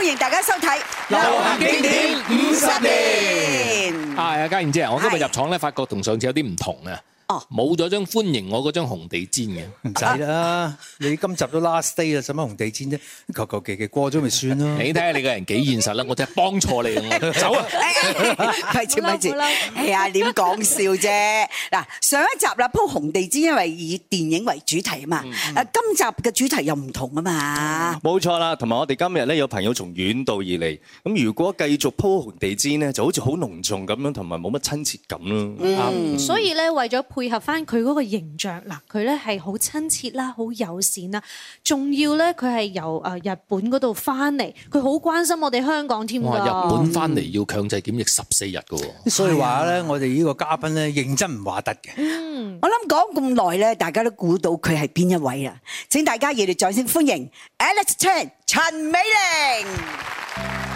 歡迎大家收睇《流行經典五十年》頂頂年。係啊，家燕姐，我今日入廠咧，發覺同上次有啲唔同啊。哦，冇咗張歡迎我嗰張紅地氈嘅，唔使啦。你今集都 last day 啦，使乜紅地氈啫？求求其其過咗咪算咯。你睇下你個人幾現實啦，我真係幫錯你咁咯。走啊，係黐乜住？係啊，點講笑啫？嗱，上一集啦鋪紅地氈，因為以電影為主題啊嘛。誒，今集嘅主題又唔同啊嘛。冇錯啦，同埋我哋今日咧有朋友從遠道而嚟，咁如果繼續鋪紅地氈咧，就好似好隆重咁樣，同埋冇乜親切感咯。嗯，所以咧為咗，配合翻佢嗰個形象，嗱，佢咧係好親切啦，好友善啦，仲要咧佢係由日本嗰度翻嚟，佢好關心我哋香港添㗎。我日本翻嚟要強制檢疫十四日喎。所以話咧，我哋呢個嘉賓咧認真唔話得嘅。嗯、啊，我諗講咁耐咧，大家都估到佢係邊一位啦。請大家熱烈掌聲歡迎 Alex Chan 陳美齡。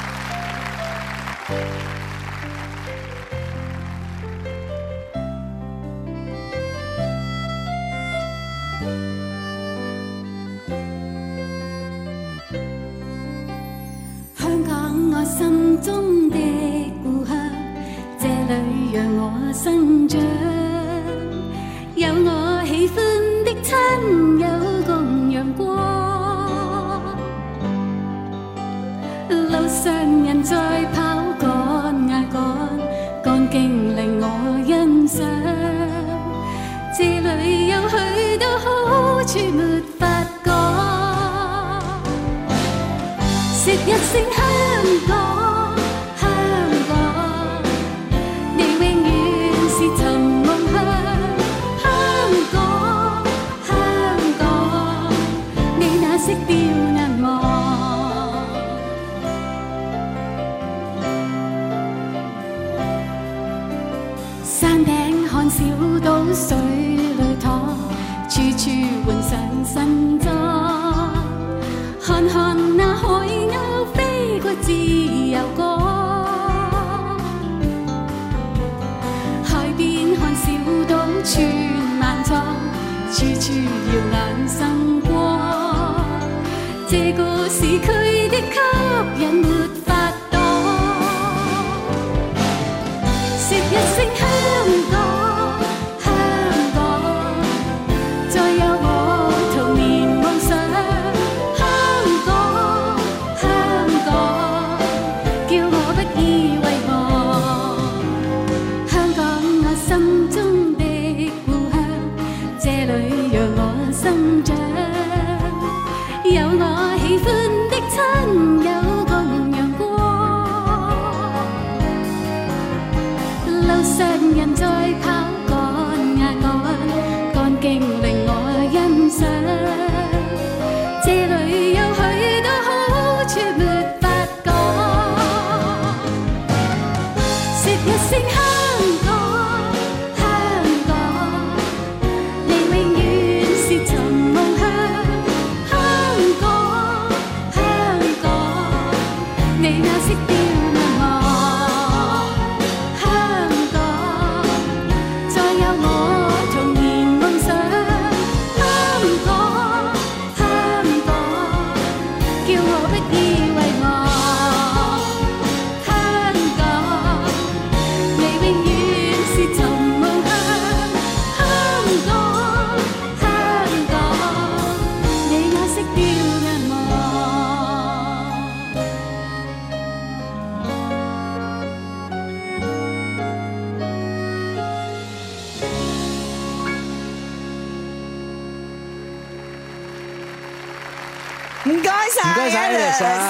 多謝，謝你，多謝，謝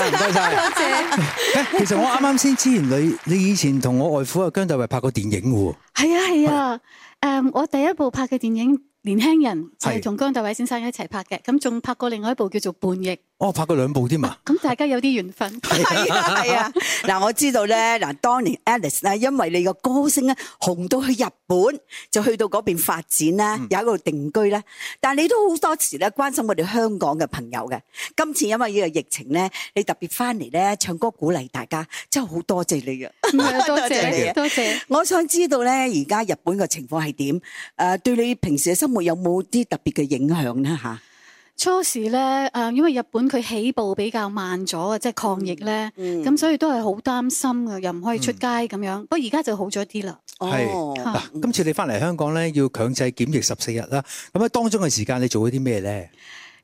你，多謝。誒，其實我啱啱先，知到你以前同我外父阿姜大衛拍過電影嘅喎。係啊係啊，我第一部拍嘅電影《年輕人》就係同姜大衛先生一齊拍嘅，咁仲拍過另外一部叫做《叛逆》。我、哦、拍過兩部添嘛，咁、啊、大家有啲緣分， 係啊係啊。嗱，我知道咧，嗱，當年 Alice 咧，因為你個歌聲咧紅到去日本，就去到嗰邊發展啦，有喺嗰度定居啦。但係你都好多時咧關心我哋香港嘅朋友嘅。今次因為呢個疫情咧，你特別翻嚟咧唱歌鼓勵大家，真係好多謝你嘅。唔係啊，多謝你，多、啊、 我想知道咧，而家日本嘅情況係點？誒，對你平時嘅生活有冇啲特別嘅影響咧？嚇？初時咧，誒，因為日本佢起步比較慢咗啊，即係抗疫咧，咁、嗯嗯、所以都係好擔心嘅，又唔可以出街咁樣。不過而家就好咗啲啦。係、哦，嗱、啊，今次你翻嚟香港咧，要強制檢疫十四日啦。咁喺當中嘅時間，你做咗啲咩咧？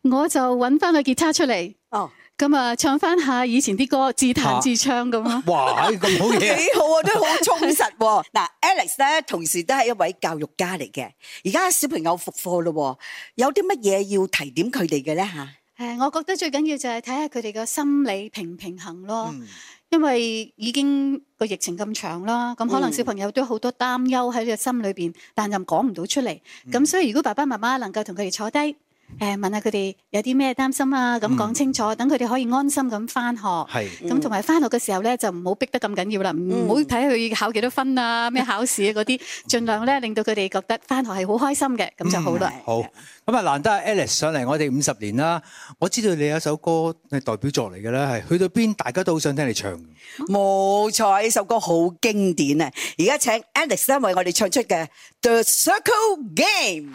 我就揾翻個吉他出嚟。哦。咁啊，唱翻下以前啲歌，自彈自唱咁咯、啊。哇，咁好嘢！幾好啊，都 好充實。嗱 ，Alex 咧，同時都係一位教育家嚟嘅。而家小朋友復課咯，有啲乜嘢要提點佢哋嘅咧？吓，誒，我覺得最緊要就係睇下佢哋個心理平唔平衡咯、嗯。因為已經個疫情咁長啦，咁可能小朋友都好多擔憂喺個心裏邊，但又講唔到出嚟。咁、嗯、所以如果爸爸媽媽能夠同佢哋坐低。誒問下佢哋有啲咩擔心啊？咁講清楚，等佢哋可以安心咁翻學。係，咁同埋翻學嘅時候咧，就唔好逼得咁緊要啦，唔好睇佢考幾多分啊，咩考試嗰啲，儘量咧令到佢哋覺得翻學係好開心嘅，咁就好啦。好，咁啊難得 Agnes 上嚟，我哋五十年啦，我知道你有一首歌係代表作嚟㗎啦，係去到邊大家都好想聽你唱。冇錯，呢首歌好經典啊！而家請 Agnes 為我哋唱出嘅 The Circle Game。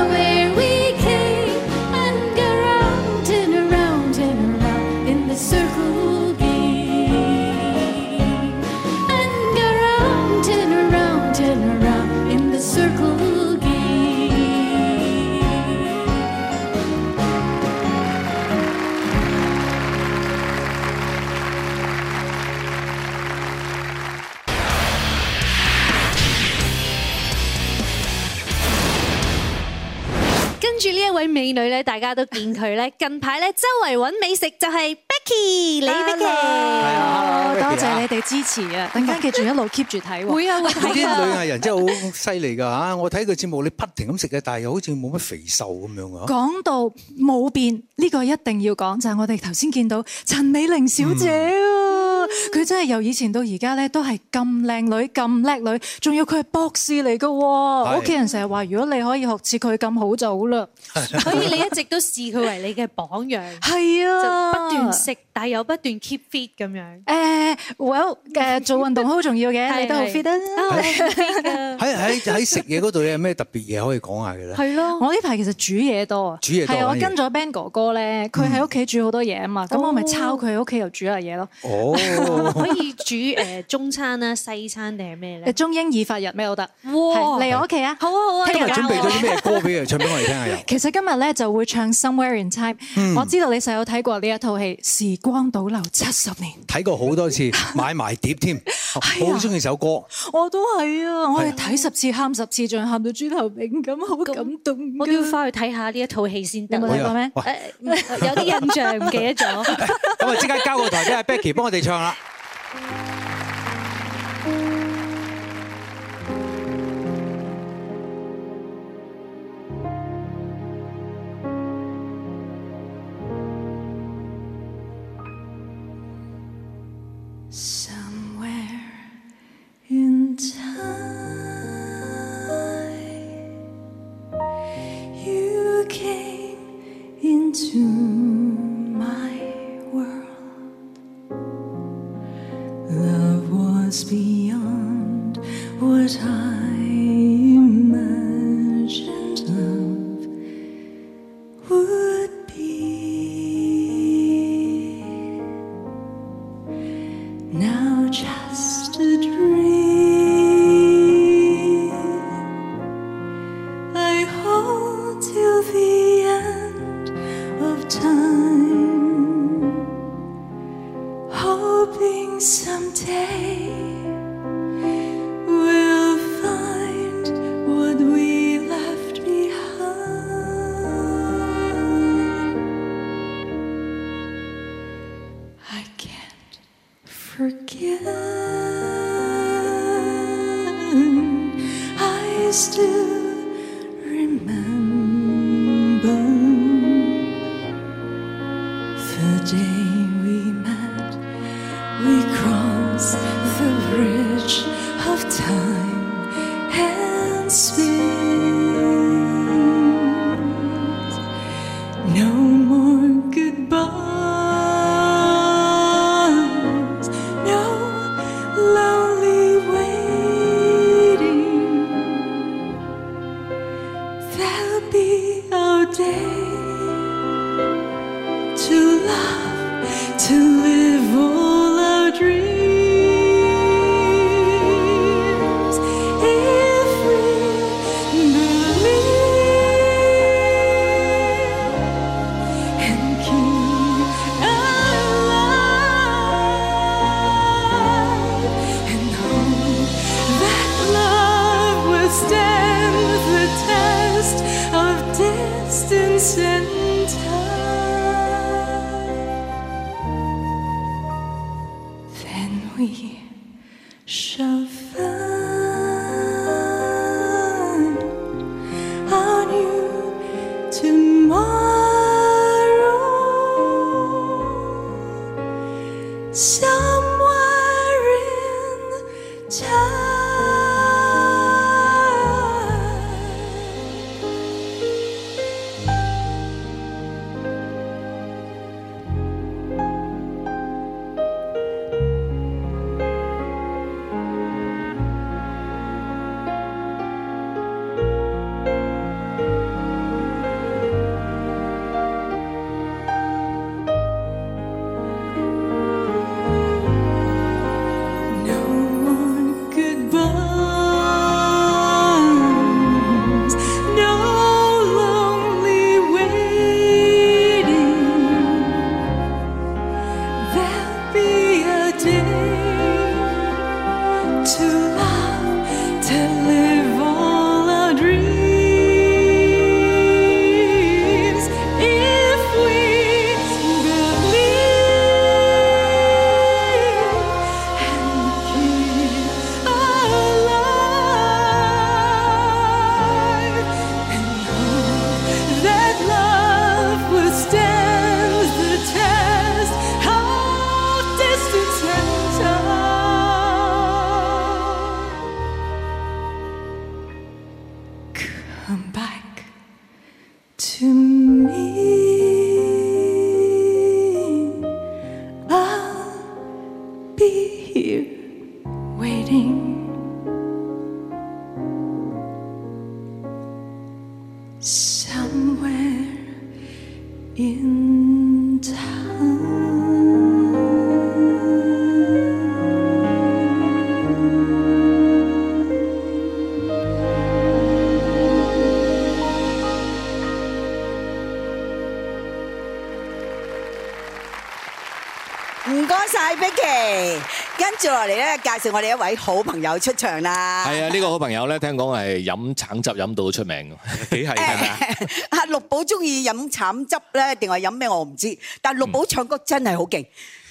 一位美女咧，大家都見佢咧，近排咧周圍揾美食就係、是。你哋嘅係啊，多謝你哋支持啊！等陣間繼續一路 keep 住睇喎。會啊，會睇啊！啲女藝人真係好犀利㗎嚇！我睇個節目，你不停咁食嘅，但係又好似冇乜肥瘦咁樣㗎。講到冇變，呢個一定要講就係我哋頭先見到陳美齡小姐，佢真係由以前到而家咧都係咁靚女、咁叻女，仲要佢係博士嚟㗎喎！屋企人成日話：如果你可以學似佢咁好就好啦，所以你一直都視佢為你嘅榜樣。係啊，不斷食。但係又不斷 keep fit 咁樣。w、well, uh, 做運動好重要嘅， 你都好 fit 啊，好喺喺喺食嘢嗰度，你有咩特別嘢可以講下嘅咧？係咯，我呢排其實煮嘢多啊，煮嘢多。啊，我跟咗 Ben 哥哥咧，佢喺屋企煮好多嘢啊嘛，咁我咪抄佢喺屋企又煮下嘢咯。哦，哦 可以煮誒中餐啦、西餐定係咩咧？ 中英意法日咩都得。嚟我屋企啊，好啊，好啊。聽日準備咗啲咩歌俾 佢唱俾我哋聽下？其實今日咧就會唱 Somewhere in Time。嗯。我知道你細佬睇過呢一套戲《時光倒流七十年》。嗯。睇過好多次。買埋碟添，好中意首歌我都係。我都係啊，我係睇十次，喊十次，仲喊到豬頭炳咁，好感動。我都要翻去睇下呢一套戲先得。啊、 有冇睇過咩？有啲印象，唔記得咗。咁啊，即刻交個台俾阿 Becky，幫我哋唱啦。嗯接落嚟咧，介紹我哋一位好朋友出場啦。係啊，呢、呢個好朋友咧，聽講係飲橙汁飲到出名嘅 是吧，幾係係咪啊？阿陸寶中意飲橙汁咧，定係飲咩我唔知。但係陸寶唱歌真係好勁。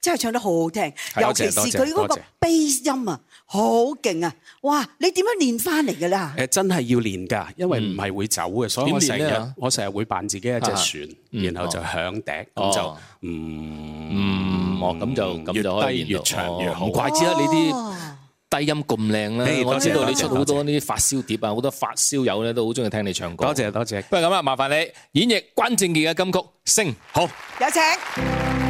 真係唱得好好聽，尤其是佢嗰個 bass 音啊，好勁啊！哇，你點樣練翻嚟嘅咧？誒，真係要練㗎，因為唔係會走嘅，所以我成日我成日會扮自己一隻船，然後就響笛，咁就唔唔，咁、哦嗯哦、就，就到越低越長越好。哦、怪之得你啲低音咁靚啦！我知道你出好多呢啲發燒碟啊，好多發燒友咧都好中意聽你唱歌。多謝多謝。不如咁啊，麻煩你演繹關正傑嘅金曲《升》好，有請。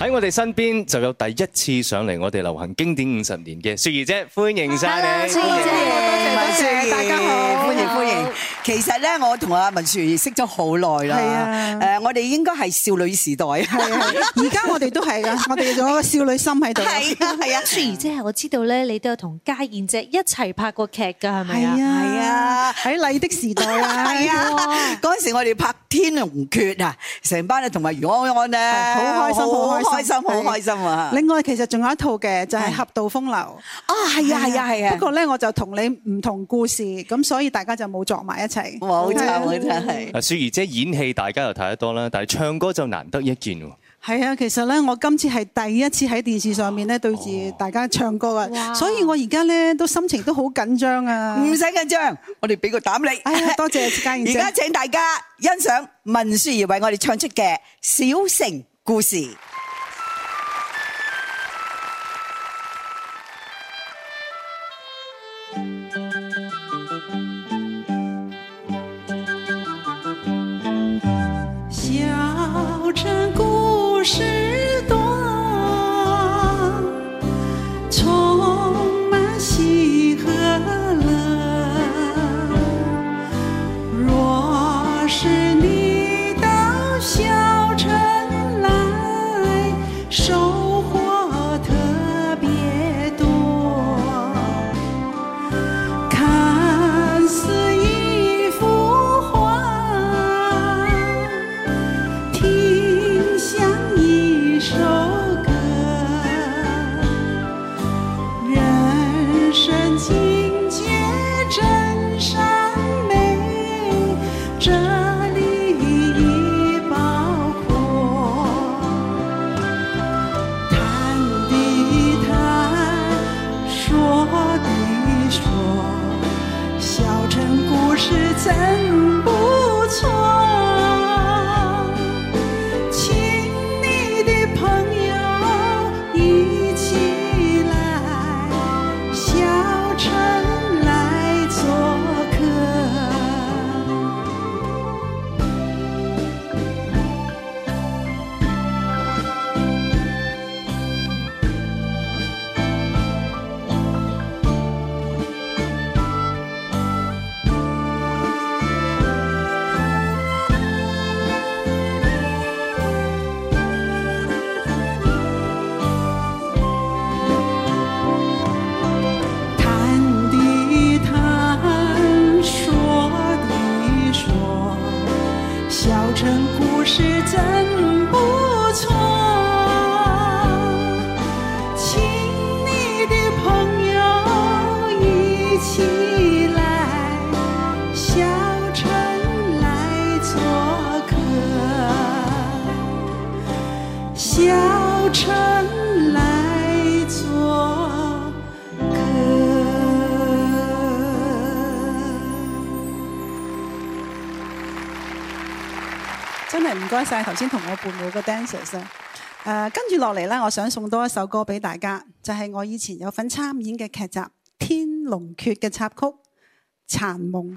喺我哋身邊就有第一次上嚟我哋流行經典五十年嘅雪兒姐，歡迎晒，你！Hello, 雪兒姐多謝多謝，大家好，歡迎歡迎。其實咧，我同阿文雪兒識咗好耐啦。係啊、呃，誒，我哋應該係少女時代係啊現在，而 家我哋都係啊，我哋仲有個少女心喺度。係啊係啊，啊啊、雪兒姐，我知道咧，你都有同家燕姐一齊拍過劇噶，係咪啊，啊？係啊，喺《麗的時代》是啊，是啊，是啊。係啊，嗰陣時我哋拍天龍《天龍訣》啊，成班咧同埋余安安咧，好開心，好開心。開心好開心啊！另外，其實仲有一套嘅就係、是《俠盜風流》哦、啊，係啊，係啊，係啊，啊。不過咧，我就同你唔同故事，咁所以大家就冇撞埋一齊。冇、哦、錯，冇錯係。阿、啊啊啊、雪兒姐演戲大家又睇得多啦，但係唱歌就難得一見。係啊，其實咧，我今次係第一次喺電視上面咧對住大家唱歌啊、哦，所以我而家咧都心情都好緊張啊。唔使緊張，我哋俾個膽你、哎。多謝時間。而 家請大家欣賞文雪兒為我哋唱出嘅《小城故事》。曬頭先同我伴舞嘅 dancers 啦，誒跟住落嚟咧，我想送多一首歌俾大家，就係、是、我以前有份參演嘅劇集《天龍訣》嘅插曲《殘夢》。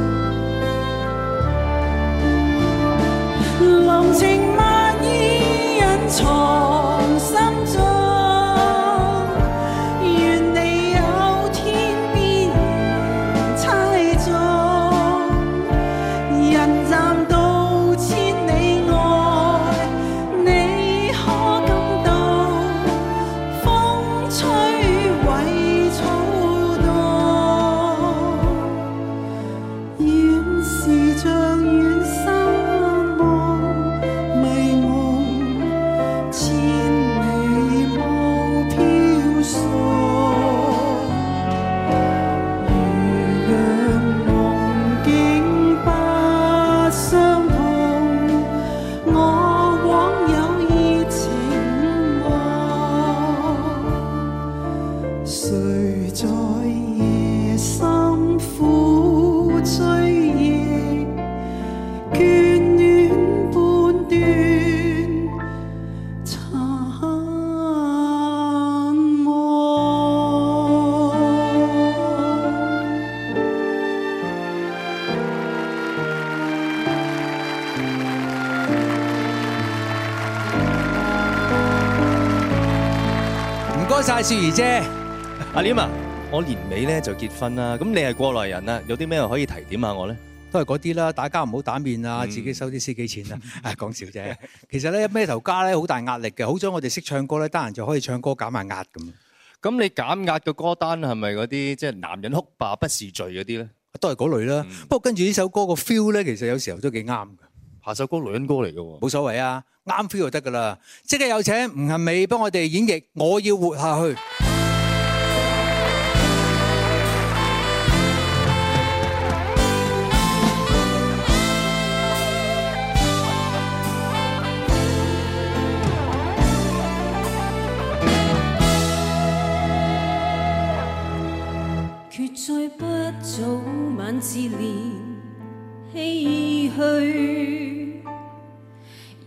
雪兒姐，阿廉啊、嗯，我年尾咧就結婚啦。咁你係過來人啦，有啲咩可以提點下我咧？都係嗰啲啦，打交唔好打面啊、嗯，自己收啲司機錢啦、嗯、啊。係講笑啫。 其實咧，咩頭家咧好大壓力嘅，好彩我哋識唱歌咧，得閒就可以唱歌減下壓咁。咁你減壓嘅歌單係咪嗰啲即係男人哭吧不是罪嗰啲咧？都係嗰類啦、嗯。不過跟住呢首歌個 feel 咧，其實有時候都幾啱嘅。下首歌女人歌嚟嘅，冇所謂啊。啱 feel 就得㗎喇！即刻有請吳幸美幫我哋演繹，我要活下去。決再不早晚自憐唏噓。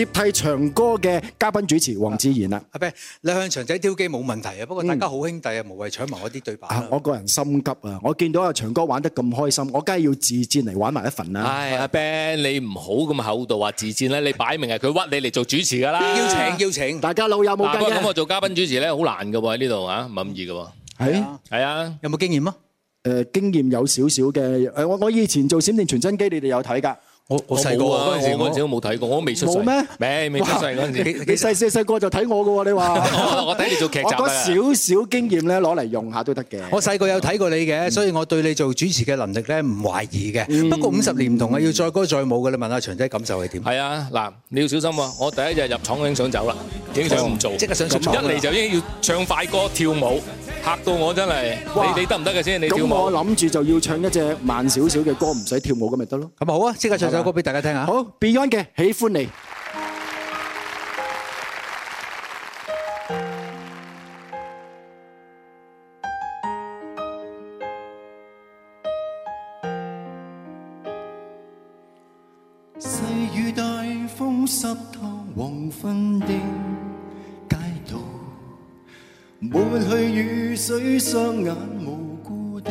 接替祥哥嘅嘉賓主持黃智賢啊。阿 Ben，你向祥仔挑機冇問題啊，不過大家好兄弟啊、嗯，無謂搶埋我啲對白。我個人心急啊，我見到阿祥哥玩得咁開心，我梗係要自薦嚟玩埋一份啦。係，阿 Ben，你唔好咁厚道話自薦啦，你擺明係佢屈你嚟做主持噶啦。邀請邀請，大家老友冇計。不過咁我做嘉賓主持咧，好難嘅喎喺呢度啊，唔係咁易嘅喎。係係啊。有冇經驗啊？誒、呃、經驗有少少嘅，誒我我以前做閃電傳真機，你哋有睇㗎？我我細個嗰陣時，嗰陣時都冇睇過，我都未出世。冇咩？未未出世嗰陣時，你細細細個就睇我㗎喎，你話？我睇你做劇集啊！我講少少經驗咧，攞嚟用下都得嘅。我細個有睇過你嘅，所以我對你做主持嘅能力咧唔懷疑嘅。不過五十年唔同啊，要載歌載舞嘅，你問下長者感受係點？係啊，嗱，你要小心喎！我第一日入廠已經想走啦，已經想唔做，即刻想出廠。咁一嚟就已經要唱快歌跳舞，嚇到我真係。你你得唔得嘅先？你跳舞咁，我諗住就要唱一隻慢少少嘅歌，唔使跳舞咁咪得咯。咁好啊，即刻唱！播歌俾大家聽下，好 Beyond 嘅《喜歡你》。細雨帶風，濕透黃昏的街道，抹去雨水，雙眼無故的。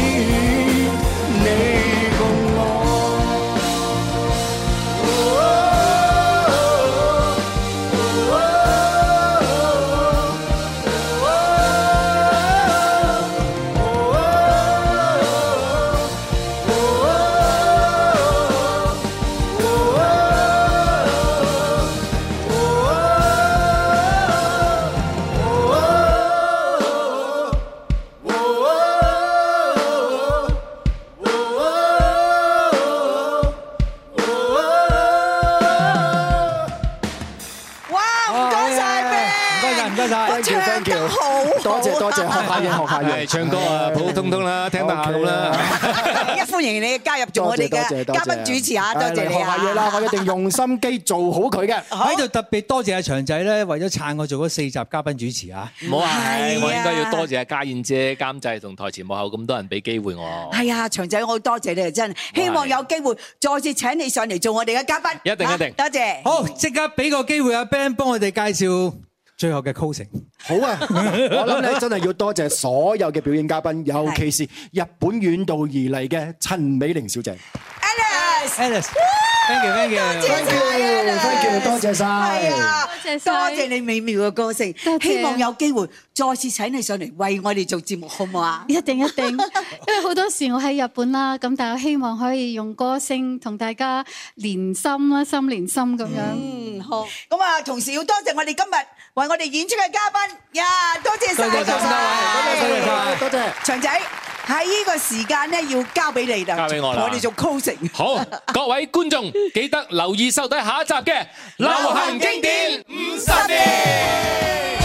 學下嘢，唱歌啊，普普通通啦，聽得下到啦。一、okay、 歡迎你加入做我哋嘅嘉賓主持啊，多謝你。學下嘢啦， 我一定用心機做好佢嘅。喺度特別多謝阿祥仔咧，為咗撐我做嗰四集嘉賓主持啊。唔好啊，我應該要多謝阿家燕姐監製同台前幕後咁多人俾機會我。係啊，祥仔，我好多謝你真係，希望有機會再次請你上嚟做我哋嘅嘉賓。一定一定，啊、多謝。好，即刻俾個機會阿 Ben 幫我哋介紹。最後嘅 closing，好啊！ 我諗你真係要多謝所有嘅表演嘉賓，尤其是日本遠道而嚟嘅陳美齡小姐。Alice，thank you，thank you，thank you，多謝晒，係啊，多謝晒，多謝你美妙嘅歌聲，希望有機會再次請你上嚟為我哋做節目，好唔好啊？一定一定，因為好多時我喺日本啦，咁但係希望可以用歌聲同大家連心啦，心連心咁樣。嗯，好。咁啊，同時要多謝我哋今日為我哋演出嘅嘉賓，呀，多謝晒，多謝，多謝，多謝，祥仔。喺呢個時間咧，要交俾你啦。交俾我啦，我哋做 coaching。好，各位觀眾記得留意收睇下一集嘅流行經典五十年。